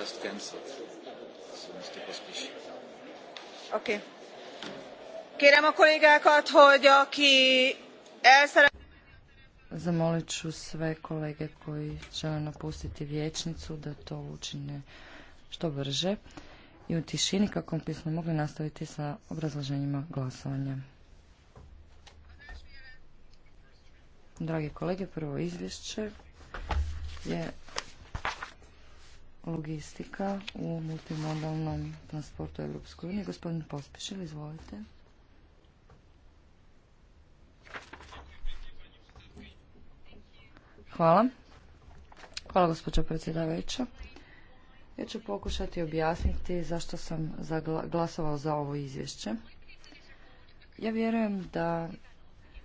just cancelled. So Mr. Pospíšil. Okay. Kérem hogy aki Zamolit ću sve kolege koji žele napustiti vječnicu da to učine što brže i u tišini kako bismo mogli nastaviti sa obrazloženjima glasovanja. Dragi kolege, prvo izvješće je logistika u multimodalnom transportu Europskoj uniji. Gospodin Pospišil, izvolite. Hvala. Hvala gospođo predsjedavajuća. Ja ću pokušati objasniti zašto sam glasovao za ovo izvješće. Ja vjerujem da